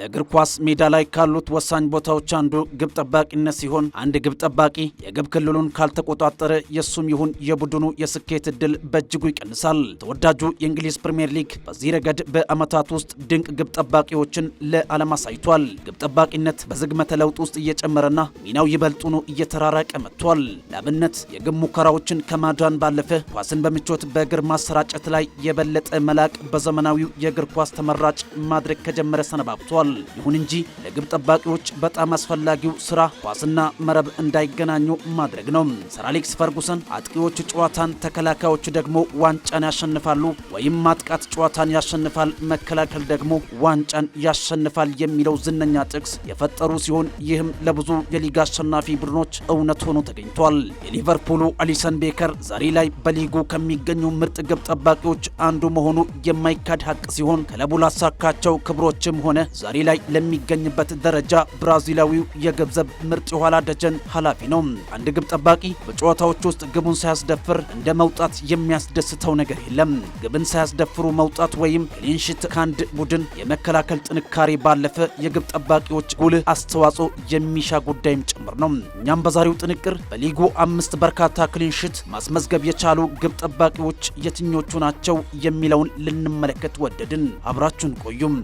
በእግር ኳስ ሜዳ ላይ ካሉት ወሳኝ ቦታዎች አንዱ ግብ ጠባቂነት ሲሆን አንድ ግብ ጠባቂ የግብ ክልሉን ካልተቆጣጠረ የሱም ይሁን የቡድኑ የስኬት እድል በእጅጉ ይቀንሳል። ተወዳጁ የእንግሊዝ ፕሪምየር ሊግ በዚህ ረገድ በዓመታት ውስጥ ድንቅ ግብ ጠባቂዎችን ለዓለም አሳይቷል። ግብ ጠባቂነት በዝግመተ ለውጥ ውስጥ እየጨመረና ሚናው ይበልጡኑ እየተራራቀ መጥቷል። ለአብነት የግብ ሙከራዎችን ከማዳን ባለፈ ኳስን በምቾት በእግር ማሰራጨት ላይ የበለጠ መላቅ በዘመናዊው የእግር ኳስ ተመራጭ ማድረግ ከጀመረ ሰነባብቷል። ተገኝቷል። ይሁን እንጂ ለግብ ጠባቂዎች በጣም አስፈላጊው ስራ ኳስና መረብ እንዳይገናኙ ማድረግ ነው። ሰር አሌክስ ፈርጉሰን አጥቂዎቹ ጨዋታን፣ ተከላካዮች ደግሞ ዋንጫን ያሸንፋሉ ወይም ማጥቃት ጨዋታን ያሸንፋል፣ መከላከል ደግሞ ዋንጫን ያሸንፋል የሚለው ዝነኛ ጥቅስ የፈጠሩ ሲሆን ይህም ለብዙ የሊግ አሸናፊ ቡድኖች እውነት ሆኖ ተገኝቷል። የሊቨርፑሉ አሊሰን ቤከር ዛሬ ላይ በሊጉ ከሚገኙ ምርጥ ግብ ጠባቂዎች አንዱ መሆኑ የማይካድ ሀቅ ሲሆን ክለቡ ላሳካቸው ክብሮችም ሆነ ዛሬ ላይ ለሚገኝበት ደረጃ ብራዚላዊው የገንዘብ ምርጥ የኋላ ደጀን ኃላፊ ነው። አንድ ግብ ጠባቂ በጨዋታዎች ውስጥ ግቡን ሳያስደፍር እንደ መውጣት የሚያስደስተው ነገር የለም። ግብን ሳያስደፍሩ መውጣት ወይም ክሊንሽት ከአንድ ቡድን የመከላከል ጥንካሬ ባለፈ የግብ ጠባቂዎች ጉልህ አስተዋጽኦ የሚሻ ጉዳይም ጭምር ነው። እኛም በዛሬው ጥንቅር በሊጉ አምስት በርካታ ክሊንሽት ማስመዝገብ የቻሉ ግብ ጠባቂዎች የትኞቹ ናቸው የሚለውን ልንመለከት ወደድን። አብራችሁን ቆዩም።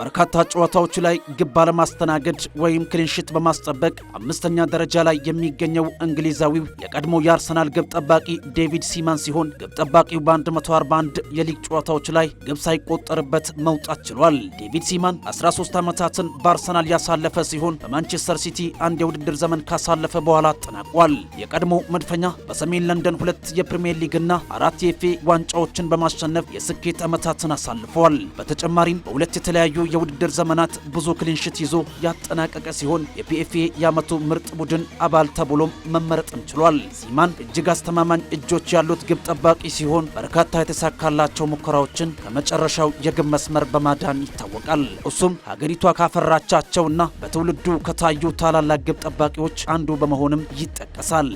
በርካታ ጨዋታዎች ላይ ግብ ባለማስተናገድ ወይም ክሊንሽት በማስጠበቅ አምስተኛ ደረጃ ላይ የሚገኘው እንግሊዛዊው የቀድሞ የአርሰናል ግብ ጠባቂ ዴቪድ ሲማን ሲሆን ግብ ጠባቂው በ141 የሊግ ጨዋታዎች ላይ ግብ ሳይቆጠርበት መውጣት ችሏል። ዴቪድ ሲማን 13 ዓመታትን በአርሰናል ያሳለፈ ሲሆን በማንቸስተር ሲቲ አንድ የውድድር ዘመን ካሳለፈ በኋላ አጠናቋል። የቀድሞ መድፈኛ በሰሜን ለንደን ሁለት የፕሪምየር ሊግና አራት የኤፍኤ ዋንጫዎችን በማሸነፍ የስኬት ዓመታትን አሳልፈዋል። በተጨማሪም በሁለት የተለያዩ የውድድር ዘመናት ብዙ ክሊንሽት ይዞ ያጠናቀቀ ሲሆን የፒኤፍኤ የዓመቱ ምርጥ ቡድን አባል ተብሎም መመረጥም ችሏል። ሲማን እጅግ አስተማማኝ እጆች ያሉት ግብ ጠባቂ ሲሆን በርካታ የተሳካላቸው ሙከራዎችን ከመጨረሻው የግብ መስመር በማዳን ይታወቃል። እሱም ሀገሪቷ ካፈራቻቸውና በትውልዱ ከታዩ ታላላቅ ግብ ጠባቂዎች አንዱ በመሆንም ይጠቀሳል።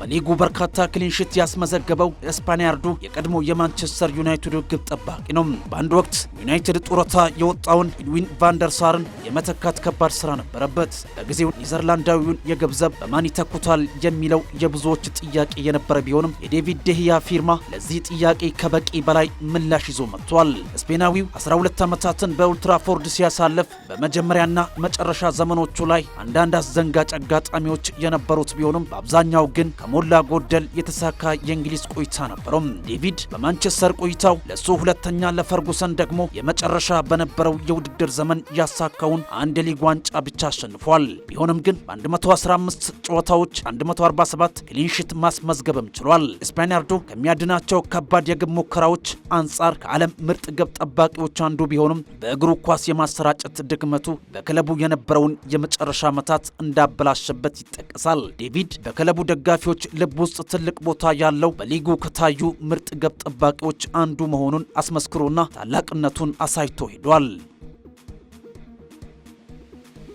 በሊጉ በርካታ ክሊንሽት ያስመዘገበው ስፓኒያርዱ የቀድሞ የማንቸስተር ዩናይትድ ግብ ጠባቂ ነው። በአንድ ወቅት ዩናይትድ ጡረታ የወጣውን ኤድዊን ቫንደርሳርን የመተካት ከባድ ስራ ነበረበት። በጊዜው ኔዘርላንዳዊውን የገንዘብ በማን ይተኩታል የሚለው የብዙዎች ጥያቄ የነበረ ቢሆንም የዴቪድ ደህያ ፊርማ ለዚህ ጥያቄ ከበቂ በላይ ምላሽ ይዞ መጥቷል። ስፔናዊው 12 ዓመታትን በኦልትራፎርድ ሲያሳልፍ በመጀመሪያና መጨረሻ ዘመኖቹ ላይ አንዳንድ አስዘንጋጭ አጋጣሚዎች የነበሩት ቢሆንም በአብዛኛው ግን ከሞላ ጎደል የተሳካ የእንግሊዝ ቆይታ ነበረው። ዴቪድ በማንቸስተር ቆይታው ለሶ ሁለተኛ፣ ለፈርጉሰን ደግሞ የመጨረሻ በነበረው የውድድር ዘመን ያሳካውን አንድ ሊግ ዋንጫ ብቻ አሸንፏል። ቢሆንም ግን በ115 ጨዋታዎች 147 ክሊንሽት ማስመዝገብም ችሏል። ስፓኒያርዶ ከሚያድናቸው ከባድ የግብ ሙከራዎች አንጻር ከዓለም ምርጥ ግብ ጠባቂዎች አንዱ ቢሆንም በእግሩ ኳስ የማሰራጨት ድክመቱ በክለቡ የነበረውን የመጨረሻ ዓመታት እንዳበላሸበት ይጠቀሳል። ዴቪድ በክለቡ ደጋፊዎች ተጫዋቾች ልብ ውስጥ ትልቅ ቦታ ያለው በሊጉ ከታዩ ምርጥ ግብ ጠባቂዎች አንዱ መሆኑን አስመስክሮና ታላቅነቱን አሳይቶ ሄዷል።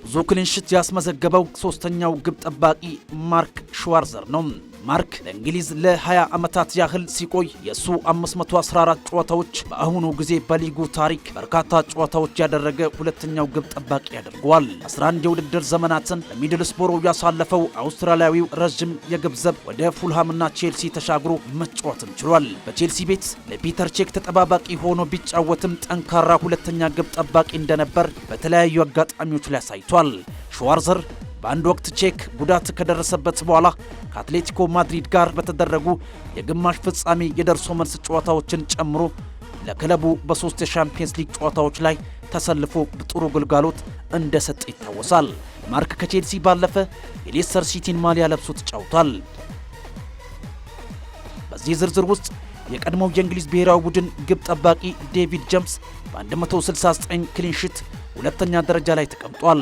ብዙ ክሊንሽት ያስመዘገበው ሶስተኛው ግብ ጠባቂ ማርክ ሽዋርዘር ነው። ማርክ ለእንግሊዝ ለ20 ዓመታት ያህል ሲቆይ የእሱ 514 ጨዋታዎች በአሁኑ ጊዜ በሊጉ ታሪክ በርካታ ጨዋታዎች ያደረገ ሁለተኛው ግብ ጠባቂ ያደርገዋል። 11 የውድድር ዘመናትን ለሚድልስቦሮ ያሳለፈው አውስትራሊያዊው ረዥም የግብ ዘብ ወደ ፉልሃምና ቼልሲ ተሻግሮ መጫወትም ችሏል። በቼልሲ ቤት ለፒተር ቼክ ተጠባባቂ ሆኖ ቢጫወትም ጠንካራ ሁለተኛ ግብ ጠባቂ እንደነበር በተለያዩ አጋጣሚዎች ላይ አሳይቷል። ሸዋርዘር በአንድ ወቅት ቼክ ጉዳት ከደረሰበት በኋላ ከአትሌቲኮ ማድሪድ ጋር በተደረጉ የግማሽ ፍጻሜ የደርሶ መልስ ጨዋታዎችን ጨምሮ ለክለቡ በሶስት የሻምፒየንስ ሊግ ጨዋታዎች ላይ ተሰልፎ ጥሩ ግልጋሎት እንደሰጠ ይታወሳል። ማርክ ከቼልሲ ባለፈ የሌስተር ሲቲን ማሊያ ለብሶ ተጫውቷል። በዚህ ዝርዝር ውስጥ የቀድሞው የእንግሊዝ ብሔራዊ ቡድን ግብ ጠባቂ ዴቪድ ጀምስ በ169 ክሊንሽት ሁለተኛ ደረጃ ላይ ተቀምጧል።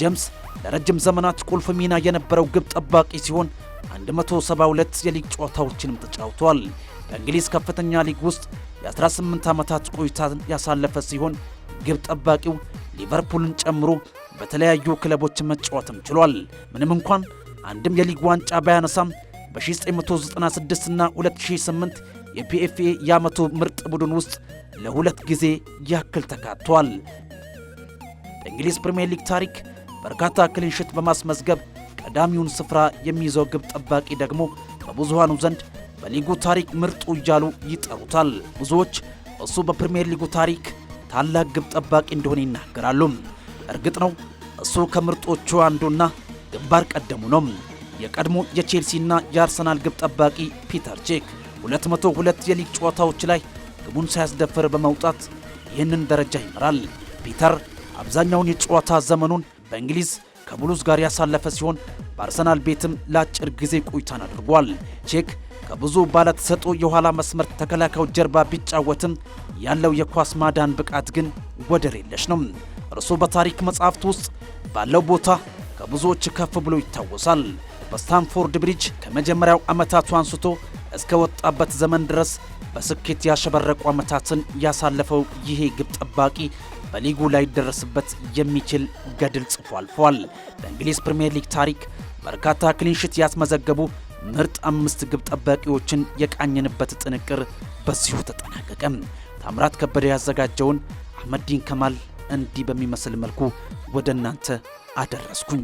ጀምስ ለረጅም ዘመናት ቁልፍ ሚና የነበረው ግብ ጠባቂ ሲሆን 172 የሊግ ጨዋታዎችንም ተጫውቷል። በእንግሊዝ ከፍተኛ ሊግ ውስጥ የ18 ዓመታት ቆይታ ያሳለፈ ሲሆን ግብ ጠባቂው ሊቨርፑልን ጨምሮ በተለያዩ ክለቦች መጫወትም ችሏል። ምንም እንኳን አንድም የሊግ ዋንጫ ባያነሳም በ1996 እና 2008 የፒኤፍኤ የዓመቱ ምርጥ ቡድን ውስጥ ለሁለት ጊዜ ያክል ተካቷል። በእንግሊዝ ፕሪምየር ሊግ ታሪክ በርካታ ክሊንሽት በማስመዝገብ ቀዳሚውን ስፍራ የሚይዘው ግብ ጠባቂ ደግሞ በብዙሃኑ ዘንድ በሊጉ ታሪክ ምርጡ እያሉ ይጠሩታል። ብዙዎች እሱ በፕሪምየር ሊጉ ታሪክ ታላቅ ግብ ጠባቂ እንደሆነ ይናገራሉ። እርግጥ ነው እሱ ከምርጦቹ አንዱና ግንባር ቀደሙ ነው። የቀድሞ የቼልሲና የአርሰናል ግብ ጠባቂ ፒተር ቼክ 202 የሊግ ጨዋታዎች ላይ ግቡን ሳያስደፍር በመውጣት ይህንን ደረጃ ይመራል። ፒተር አብዛኛውን የጨዋታ ዘመኑን በእንግሊዝ ከብሉዝ ጋር ያሳለፈ ሲሆን በአርሰናል ቤትም ለአጭር ጊዜ ቆይታን አድርጓል። ቼክ ከብዙ ባለተሰጦ የኋላ መስመር ተከላካዮች ጀርባ ቢጫወትም ያለው የኳስ ማዳን ብቃት ግን ወደር የለሽ ነው። እርሱ በታሪክ መጽሐፍት ውስጥ ባለው ቦታ ከብዙዎች ከፍ ብሎ ይታወሳል። በስታንፎርድ ብሪጅ ከመጀመሪያው ዓመታቱ አንስቶ እስከ ወጣበት ዘመን ድረስ በስኬት ያሸበረቁ ዓመታትን ያሳለፈው ይሄ ግብ ጠባቂ በሊጉ ላይ ሊደረስበት የሚችል ገድል ጽፎ አልፏል። በእንግሊዝ ፕሪምየር ሊግ ታሪክ በርካታ ክሊንሽት ያስመዘገቡ ምርጥ አምስት ግብ ጠባቂዎችን የቃኘንበት ጥንቅር በዚሁ ተጠናቀቀ። ታምራት ከበደ ያዘጋጀውን አህመዲን ከማል እንዲህ በሚመስል መልኩ ወደ እናንተ አደረስኩኝ።